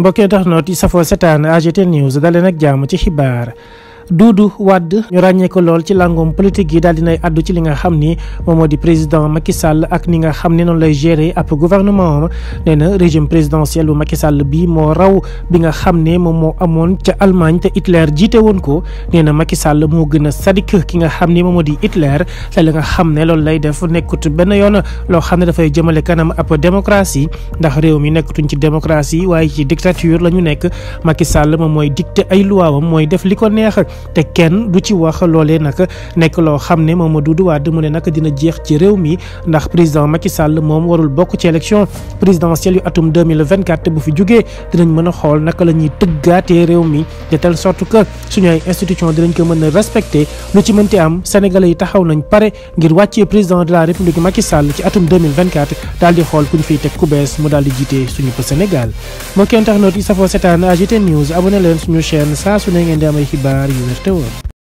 mbokkee tax noot yi safoo setaan AGT news dalee nag jàmm ci xibaar Doudou Wade ñu ràññee ko lool ci làngoom politique yi daal dinay addu ci li nga xam ni moom moo di président Macky Sall ak ni nga xam ne noonu lay gérer ab gouvernement am nee na régime présidentiel bu Macky Sall bi moo raw bi nga xam ne moom moo amoon ca Allemagne te jiite woon ko nee na Macky Sall moo gën a sadik ki nga xam ni moom di Hitler nga xam ne loolu lay def nekkut benn yoon loo xam ne dafay jëmale kanam ab démocratie ndax réew mi nekkatuñ ci démocratie waaye ci dictature la ñu nekk Macky Sall moom mooy dicté ay luwaawam mooy def li ko neex te kenn du ci wax loolee nag nekk loo xam ne moom ma Mamadou waa mu ne nag dina jeex ci réew mi ndax président Macky sàll moom warul bokk ci élection présidentielle yu atum 2024 bu fi jógee dinañ mën a xool naka la ñuy tëggaatee réew mi de telle sorte que suñu ay institution dinañ ko mën a respecté lu ci mënti am sénégalais yi taxaw nañ pare ngir wàccee président de la république Macky Sall ci atum 2024 daal di xool ku ñu teg ku bees mu daal di jiite suñu ko Sénégal mbokki internet yi safoo seetaan AGT News abonné leen suñu chaîne saa su ne ngeen di amay xibaar yu wér woon